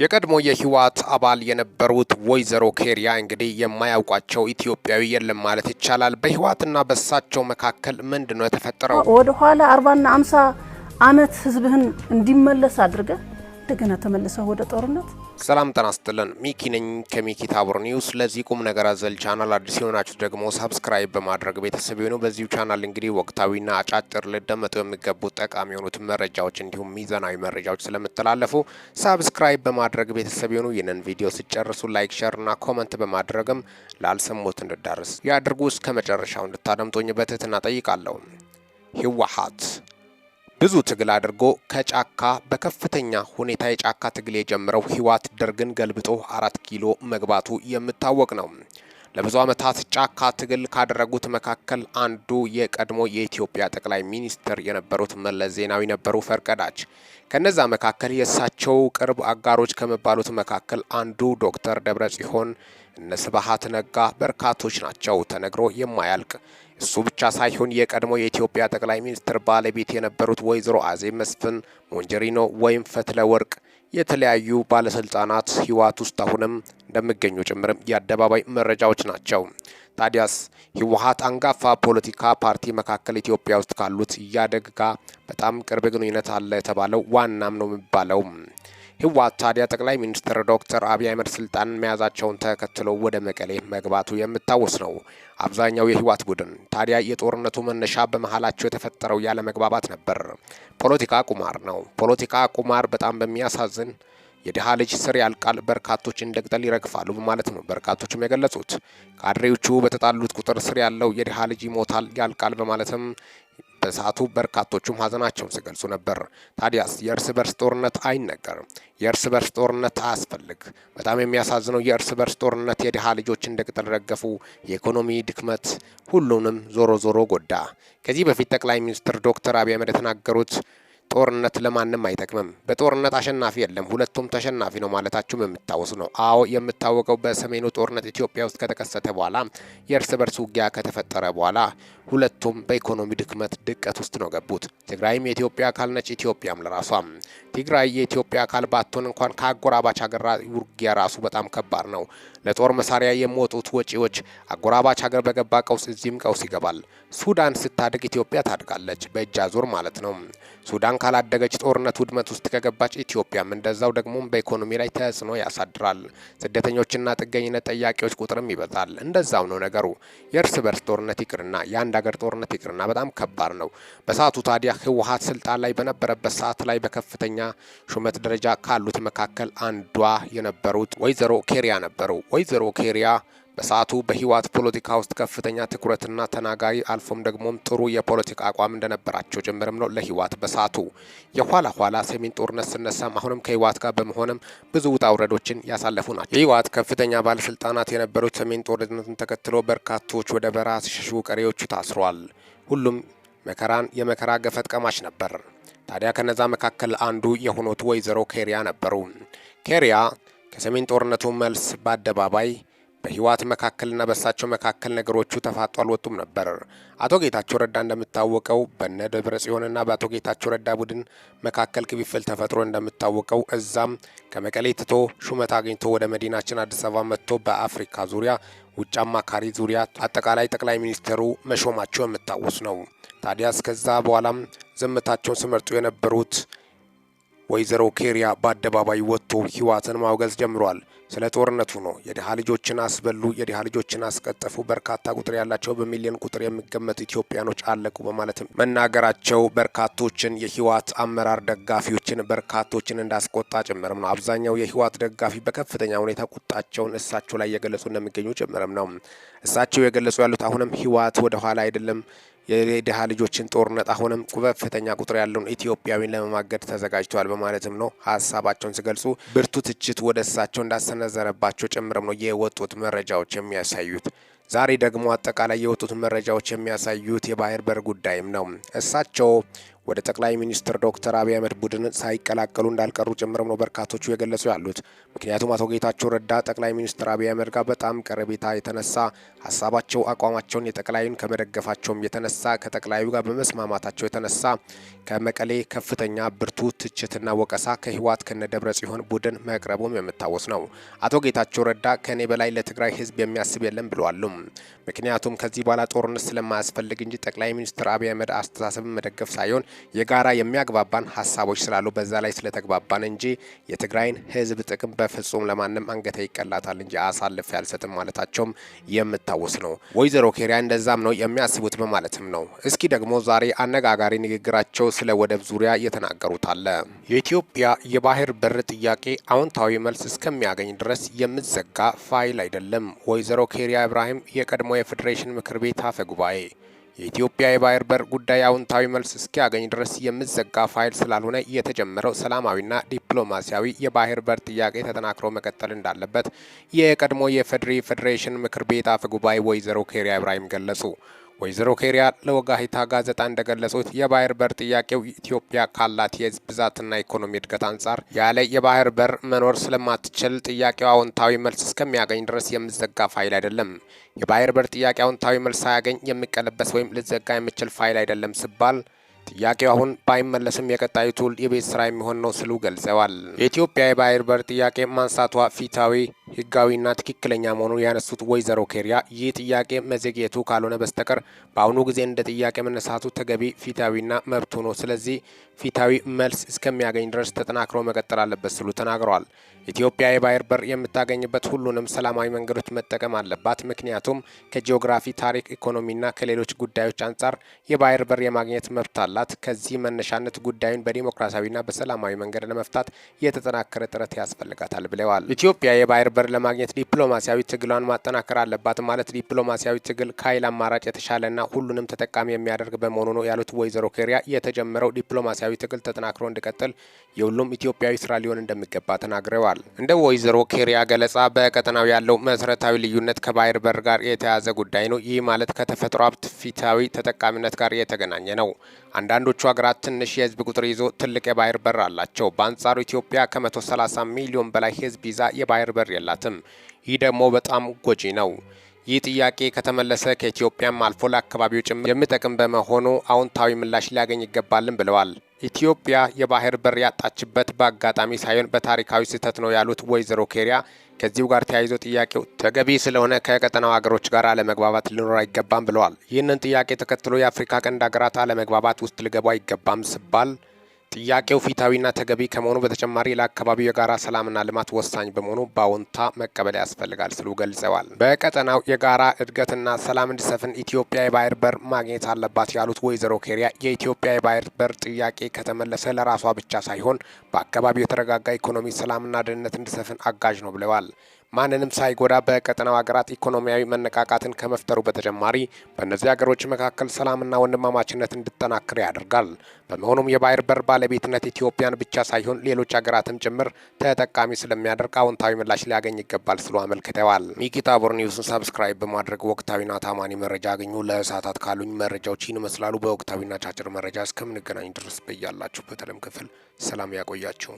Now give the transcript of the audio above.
የቀድሞ የህወሓት አባል የነበሩት ወይዘሮ ኬሪያ እንግዲህ የማያውቋቸው ኢትዮጵያዊ የለም ማለት ይቻላል። በህወሓትና በሳቸው መካከል ምንድን ነው የተፈጠረው? ወደኋላ አርባና አምሳ አመት ህዝብህን እንዲመለስ አድርገ እንደገና ተመልሰው ወደ ጦርነት። ሰላም ጤና ሚኪ ነኝ ከሚኪ ታቦር ኒውስ። ለዚህ ቁም ነገር አዘል ቻናል አዲስ የሆናችሁ ደግሞ ሰብስክራይብ በማድረግ ቤተሰብ የሆኑ። በዚሁ ቻናል እንግዲህ ወቅታዊና አጫጭር ልደመጡ የሚገቡ ጠቃሚ የሆኑት መረጃዎች እንዲሁም ሚዛናዊ መረጃዎች ስለሚተላለፉ ሰብስክራይብ በማድረግ ቤተሰብ የሆኑ። ይህንን ቪዲዮ ሲጨርሱ ላይክ፣ እና ኮመንት በማድረግም ላልሰሙት እንድዳርስ ያድርጉ። እስከ መጨረሻው እንድታደምጡኝ በትህትና ጠይቃለሁ። ህወሓት ብዙ ትግል አድርጎ ከጫካ በከፍተኛ ሁኔታ የጫካ ትግል የጀመረው ህወሓት ደርግን ገልብጦ አራት ኪሎ መግባቱ የሚታወቅ ነው። ለብዙ ዓመታት ጫካ ትግል ካደረጉት መካከል አንዱ የቀድሞ የኢትዮጵያ ጠቅላይ ሚኒስትር የነበሩት መለስ ዜናዊ ነበሩ ፈርቀዳጅ። ከነዛ መካከል የእሳቸው ቅርብ አጋሮች ከመባሉት መካከል አንዱ ዶክተር ደብረ ጽዮን እነ ስብሃት ነጋ በርካቶች ናቸው። ተነግሮ የማያልቅ እሱ ብቻ ሳይሆን የቀድሞ የኢትዮጵያ ጠቅላይ ሚኒስትር ባለቤት የነበሩት ወይዘሮ አዜብ መስፍን ሞንጀሪኖ ወይም ፈትለ ወርቅ የተለያዩ ባለስልጣናት ህወሓት ውስጥ አሁንም እንደሚገኙ ጭምርም የአደባባይ መረጃዎች ናቸው። ታዲያስ ህወሓት አንጋፋ ፖለቲካ ፓርቲ መካከል ኢትዮጵያ ውስጥ ካሉት እያደግ ጋር በጣም ቅርብ ግንኙነት አለ የተባለው ዋናም ነው የሚባለው ህወሓት ታዲያ ጠቅላይ ሚኒስትር ዶክተር አብይ አህመድ ስልጣን መያዛቸውን ተከትሎ ወደ መቀሌ መግባቱ የሚታወስ ነው። አብዛኛው የህወሓት ቡድን ታዲያ የጦርነቱ መነሻ በመሀላቸው የተፈጠረው ያለመግባባት ነበር። ፖለቲካ ቁማር ነው። ፖለቲካ ቁማር በጣም በሚያሳዝን የድሃ ልጅ ስር ያልቃል፣ በርካቶች እንደ ቅጠል ይረግፋሉ በማለት ነው በርካቶችም የገለጹት። ካድሬዎቹ በተጣሉት ቁጥር ስር ያለው የድሃ ልጅ ይሞታል፣ ያልቃል በማለትም በሰዓቱ በርካቶቹም ሀዘናቸውን ሲገልጹ ነበር። ታዲያስ የእርስ በርስ ጦርነት አይነገርም። የእርስ በርስ ጦርነት አያስፈልግ። በጣም የሚያሳዝነው የእርስ በርስ ጦርነት የድሃ ልጆች እንደ ቅጠል ረገፉ። የኢኮኖሚ ድክመት ሁሉንም ዞሮ ዞሮ ጎዳ። ከዚህ በፊት ጠቅላይ ሚኒስትር ዶክተር አብይ አህመድ የተናገሩት ጦርነት ለማንም አይጠቅምም። በጦርነት አሸናፊ የለም፣ ሁለቱም ተሸናፊ ነው ማለታችሁም የምታወሱ ነው። አዎ የምታወቀው በሰሜኑ ጦርነት ኢትዮጵያ ውስጥ ከተከሰተ በኋላ የእርስ በርስ ውጊያ ከተፈጠረ በኋላ ሁለቱም በኢኮኖሚ ድክመት ድቀት ውስጥ ነው ገቡት። ትግራይም የኢትዮጵያ አካል ነች፣ ኢትዮጵያም ለራሷ ትግራይ የኢትዮጵያ አካል ባትሆን እንኳን ከአጎራባች ሀገር ውጊያ ራሱ በጣም ከባድ ነው። ለጦር መሳሪያ የሚወጡት ወጪዎች አጎራባች ሀገር በገባ ቀውስ እዚህም ቀውስ ይገባል። ሱዳን ስታድግ ኢትዮጵያ ታድጋለች፣ በእጅ አዙር ማለት ነው። ሱዳን ካላደገች ጦርነት ውድመት ውስጥ ከገባች ኢትዮጵያም እንደዛው ደግሞ በኢኮኖሚ ላይ ተጽዕኖ ያሳድራል። ስደተኞችና ጥገኝነት ጠያቂዎች ቁጥርም ይበዛል። እንደዛው ነው ነገሩ። የእርስ በርስ ጦርነት ይቅርና የአንድ ሀገር ጦርነት ይቅርና በጣም ከባድ ነው። በሰዓቱ ታዲያ ህወሀት ስልጣን ላይ በነበረበት ሰዓት ላይ በከፍተኛ ሹመት ደረጃ ካሉት መካከል አንዷ የነበሩት ወይዘሮ ኬሪያ ነበሩ። ወይዘሮ ኬሪያ በሰዓቱ በህወሓት ፖለቲካ ውስጥ ከፍተኛ ትኩረትና ተናጋሪ አልፎም ደግሞም ጥሩ የፖለቲካ አቋም እንደነበራቸው ጭምርም ነው። ለህወሓት በሰዓቱ የኋላ ኋላ ሰሜን ጦርነት ስነሳም አሁንም ከህወሓት ጋር በመሆንም ብዙ ውጣ ውረዶችን ያሳለፉ ናቸው። የህወሓት ከፍተኛ ባለስልጣናት የነበሩት ሰሜን ጦርነትን ተከትሎ በርካቶች ወደ በረሃ ሲሸሹ፣ ቀሪዎቹ ታስሯል። ሁሉም መከራን የመከራ ገፈት ቀማሽ ነበር። ታዲያ ከነዛ መካከል አንዱ የሆኑት ወይዘሮ ኬሪያ ነበሩ። ኬሪያ ከሰሜን ጦርነቱ መልስ በአደባባይ በህወሓት መካከልና በሳቸው መካከል ነገሮቹ ተፋጦ አልወጡም ነበር። አቶ ጌታቸው ረዳ እንደምታወቀው በነ ደብረ ጽዮንና በአቶ ጌታቸው ረዳ ቡድን መካከል ክፍፍል ተፈጥሮ እንደምታወቀው እዛም ከመቀሌ ትቶ ሹመት አግኝቶ ወደ መዲናችን አዲስ አበባ መጥቶ በአፍሪካ ዙሪያ ውጭ አማካሪ ዙሪያ አጠቃላይ ጠቅላይ ሚኒስትሩ መሾማቸው የሚታወስ ነው። ታዲያ እስከዛ በኋላም ዝምታቸውን ስመርጡ የነበሩት ወይዘሮ ኬሪያ በአደባባይ ወጥቶ ህወሓትን ማውገዝ ጀምሯል። ስለ ጦርነቱ ነው። የድሃ ልጆችን አስበሉ፣ የድሃ ልጆችን አስቀጠፉ፣ በርካታ ቁጥር ያላቸው በሚሊዮን ቁጥር የሚገመቱ ኢትዮጵያኖች አለቁ በማለትም መናገራቸው በርካቶችን የህወሓት አመራር ደጋፊዎችን በርካቶችን እንዳስቆጣ ጭምርም ነው። አብዛኛው የህወሓት ደጋፊ በከፍተኛ ሁኔታ ቁጣቸውን እሳቸው ላይ እየገለጹ እንደሚገኙ ጭምርም ነው። እሳቸው የገለጹ ያሉት አሁንም ህወሓት ወደኋላ አይደለም የድሃ ልጆችን ጦርነት አሁንም ከፍተኛ ቁጥር ያለውን ኢትዮጵያዊን ለመማገድ ተዘጋጅተዋል በማለትም ነው ሀሳባቸውን ሲገልጹ ብርቱ ትችት ወደ እሳቸው እንዳሰነዘረባቸው ጭምርም ነው የወጡት መረጃዎች የሚያሳዩት። ዛሬ ደግሞ አጠቃላይ የወጡት መረጃዎች የሚያሳዩት የባህር በር ጉዳይም ነው። እሳቸው ወደ ጠቅላይ ሚኒስትር ዶክተር አብይ አህመድ ቡድን ሳይቀላቀሉ እንዳልቀሩ ጭምርም ነው በርካቶቹ የገለጹ ያሉት። ምክንያቱም አቶ ጌታቸው ረዳ ጠቅላይ ሚኒስትር አብይ አህመድ ጋር በጣም ቀረቤታ የተነሳ ሀሳባቸው አቋማቸውን የጠቅላዩን ከመደገፋቸውም የተነሳ ከጠቅላዩ ጋር በመስማማታቸው የተነሳ ከመቀሌ ከፍተኛ ብርቱ ትችትና ወቀሳ ከህወሓት ከነደብረ ጽዮን ቡድን መቅረቡም የምታወስ ነው። አቶ ጌታቸው ረዳ ከኔ በላይ ለትግራይ ህዝብ የሚያስብ የለም ብለዋሉ። ምክንያቱም ከዚህ በኋላ ጦርነት ስለማያስፈልግ እንጂ ጠቅላይ ሚኒስትር አብይ አህመድ አስተሳሰብን መደገፍ ሳይሆን የጋራ የሚያግባባን ሀሳቦች ስላሉ በዛ ላይ ስለተግባባን እንጂ የትግራይን ህዝብ ጥቅም በፍጹም ለማንም አንገተ ይቀላታል እንጂ አሳልፍ ያልሰጥም ማለታቸውም የምታወስ ነው። ወይዘሮ ኬሪያ እንደዛም ነው የሚያስቡት በማለትም ነው። እስኪ ደግሞ ዛሬ አነጋጋሪ ንግግራቸው ስለ ወደብ ዙሪያ እየተናገሩት አለ። የኢትዮጵያ የባህር በር ጥያቄ አዎንታዊ መልስ እስከሚያገኝ ድረስ የምዘጋ ፋይል አይደለም። ወይዘሮ ኬሪያ ኢብራሂም የቀድሞ የፌዴሬሽን ምክር ቤት አፈ ጉባኤ የኢትዮጵያ የባህር በር ጉዳይ አውንታዊ መልስ እስኪያገኝ ድረስ የምዘጋ ፋይል ስላልሆነ የተጀመረው ሰላማዊና ዲፕሎማሲያዊ የባህር በር ጥያቄ ተጠናክሮ መቀጠል እንዳለበት የቀድሞ የፌዴሪ ፌዴሬሽን ምክር ቤት አፈ ጉባኤ ወይዘሮ ኬሪያ ኢብራሂም ገለጹ። ወይዘሮ ኬሪያ ለወጋሂታ ጋዜጣ እንደገለጹት የባህር በር ጥያቄው ኢትዮጵያ ካላት የህዝብ ብዛትና ኢኮኖሚ እድገት አንጻር ያለ የባህር በር መኖር ስለማትችል ጥያቄው አዎንታዊ መልስ እስከሚያገኝ ድረስ የሚዘጋ ፋይል አይደለም። የባህር በር ጥያቄ አዎንታዊ መልስ ሳያገኝ የሚቀለበስ ወይም ልዘጋ የምችል ፋይል አይደለም ሲባል ጥያቄው አሁን ባይመለስም የቀጣዩ ቱል የቤት ስራ የሚሆን ነው ስሉ ገልጸዋል። የኢትዮጵያ የባህር በር ጥያቄ ማንሳቷ ፊታዊ ህጋዊና ትክክለኛ መሆኑን ያነሱት ወይዘሮ ኬሪያ ይህ ጥያቄ መዘግየቱ ካልሆነ በስተቀር በአሁኑ ጊዜ እንደ ጥያቄ መነሳቱ ተገቢ ፊታዊና መብቱ ነው። ስለዚህ ፊታዊ መልስ እስከሚያገኝ ድረስ ተጠናክሮ መቀጠል አለበት ስሉ ተናግረዋል። ኢትዮጵያ የባህር በር የምታገኝበት ሁሉንም ሰላማዊ መንገዶች መጠቀም አለባት። ምክንያቱም ከጂኦግራፊ ታሪክ፣ ኢኮኖሚና ከሌሎች ጉዳዮች አንጻር የባህር በር የማግኘት መብት አለ። አላት። ከዚህ መነሻነት ጉዳዩን በዲሞክራሲያዊና በሰላማዊ መንገድ ለመፍታት የተጠናከረ ጥረት ያስፈልጋታል ብለዋል። ኢትዮጵያ የባህር በር ለማግኘት ዲፕሎማሲያዊ ትግሏን ማጠናከር አለባት ማለት ዲፕሎማሲያዊ ትግል ከኃይል አማራጭ የተሻለና ሁሉንም ተጠቃሚ የሚያደርግ በመሆኑ ነው ያሉት ወይዘሮ ኬሪያ የተጀመረው ዲፕሎማሲያዊ ትግል ተጠናክሮ እንዲቀጥል የሁሉም ኢትዮጵያዊ ስራ ሊሆን እንደሚገባ ተናግረዋል። እንደ ወይዘሮ ኬሪያ ገለጻ በቀጠናው ያለው መሰረታዊ ልዩነት ከባህር በር ጋር የተያያዘ ጉዳይ ነው። ይህ ማለት ከተፈጥሮ ሀብት ፊታዊ ተጠቃሚነት ጋር የተገናኘ ነው። አንዳንዶቹ ሀገራት ትንሽ የህዝብ ቁጥር ይዞ ትልቅ የባህር በር አላቸው። በአንጻሩ ኢትዮጵያ ከ130 ሚሊዮን በላይ ህዝብ ይዛ የባህር በር የላትም። ይህ ደግሞ በጣም ጎጂ ነው። ይህ ጥያቄ ከተመለሰ ከኢትዮጵያም አልፎ ለአካባቢው ጭምር የሚጠቅም በመሆኑ አዎንታዊ ምላሽ ሊያገኝ ይገባልን ብለዋል። ኢትዮጵያ የባህር በር ያጣችበት በአጋጣሚ ሳይሆን በታሪካዊ ስህተት ነው ያሉት ወይዘሮ ኬሪያ ከዚሁ ጋር ተያይዞ ጥያቄው ተገቢ ስለሆነ ከቀጠናው ሀገሮች ጋር አለመግባባት ሊኖር አይገባም ብለዋል። ይህንን ጥያቄ ተከትሎ የአፍሪካ ቀንድ ሀገራት አለመግባባት ውስጥ ሊገቡ አይገባም ስባል ጥያቄው ፊታዊና ተገቢ ከመሆኑ በተጨማሪ ለአካባቢው የጋራ ሰላምና ልማት ወሳኝ በመሆኑ በአዎንታ መቀበል ያስፈልጋል ሲሉ ገልጸዋል። በቀጠናው የጋራ እድገትና ሰላም እንዲሰፍን ኢትዮጵያ የባህር በር ማግኘት አለባት ያሉት ወይዘሮ ኬሪያ የኢትዮጵያ የባህር በር ጥያቄ ከተመለሰ ለራሷ ብቻ ሳይሆን በአካባቢው የተረጋጋ ኢኮኖሚ፣ ሰላምና ደህንነት እንዲሰፍን አጋዥ ነው ብለዋል። ማንንም ሳይጎዳ በቀጠናው ሀገራት ኢኮኖሚያዊ መነቃቃትን ከመፍጠሩ በተጨማሪ በእነዚህ ሀገሮች መካከል ሰላምና ወንድማማችነት እንዲጠናክር ያደርጋል። በመሆኑም የባህር በር ባለቤትነት ኢትዮጵያን ብቻ ሳይሆን ሌሎች ሀገራትም ጭምር ተጠቃሚ ስለሚያደርግ አዎንታዊ ምላሽ ሊያገኝ ይገባል ሲሉ አመልክተዋል። ሚኪታ ቦር ኒውስን ሰብስክራይብ በማድረግ ወቅታዊና ታማኒ መረጃ አገኙ። ለእሳታት ካሉኝ መረጃዎች ይህን ይመስላሉ። በወቅታዊና ቻጭር መረጃ እስከምንገናኝ ድረስ በያላችሁ በተለም ክፍል ሰላም ያቆያችሁ።